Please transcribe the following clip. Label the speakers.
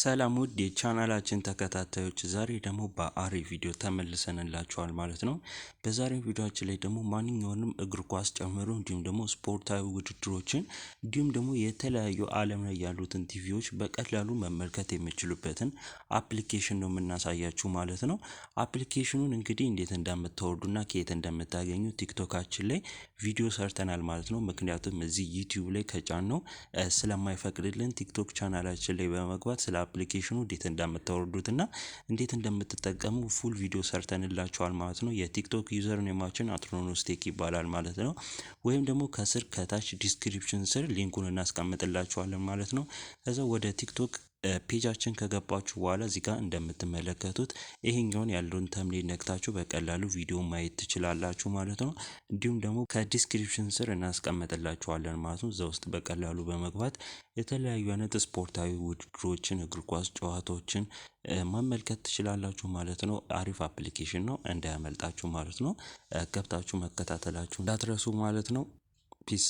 Speaker 1: ሰላም ውድ የቻናላችን ተከታታዮች ዛሬ ደግሞ በአሪፍ ቪዲዮ ተመልሰንላችኋል ማለት ነው። በዛሬው ቪዲዮችን ላይ ደግሞ ማንኛውንም እግር ኳስ ጨምሮ እንዲሁም ደግሞ ስፖርታዊ ውድድሮችን እንዲሁም ደግሞ የተለያዩ ዓለም ላይ ያሉትን ቲቪዎች በቀላሉ መመልከት የሚችሉበትን አፕሊኬሽን ነው የምናሳያችሁ ማለት ነው። አፕሊኬሽኑን እንግዲህ እንዴት እንደምታወርዱና ከየት እንደምታገኙ ቲክቶካችን ላይ ቪዲዮ ሰርተናል ማለት ነው። ምክንያቱም እዚህ ዩቲዩብ ላይ ከጫን ነው ስለማይፈቅድልን ቲክቶክ ቻናላችን ላይ በመግባት ስለ ከአፕሊኬሽኑ እንዴት እንደምታወርዱት እና እንዴት እንደምትጠቀሙ ፉል ቪዲዮ ሰርተንላቸዋል ማለት ነው። የቲክቶክ ዩዘር ኔማችን አትሮኖስቴክ ይባላል ማለት ነው። ወይም ደግሞ ከስር ከታች ዲስክሪፕሽን ስር ሊንኩን እናስቀምጥላቸዋለን ማለት ነው። ከዛ ወደ ቲክቶክ ፔጃችን ከገባችሁ በኋላ እዚህ ጋር እንደምትመለከቱት ይሄኛውን ያለውን ተምሌት ነክታችሁ በቀላሉ ቪዲዮ ማየት ትችላላችሁ ማለት ነው። እንዲሁም ደግሞ ከዲስክሪፕሽን ስር እናስቀምጥላችኋለን ማለት ነው። እዛ ውስጥ በቀላሉ በመግባት የተለያዩ አይነት ስፖርታዊ ውድድሮችን፣ እግር ኳስ ጨዋታዎችን መመልከት ትችላላችሁ ማለት ነው። አሪፍ አፕሊኬሽን ነው እንዳያመልጣችሁ ማለት ነው። ገብታችሁ መከታተላችሁ እንዳትረሱ ማለት ነው። ፒስ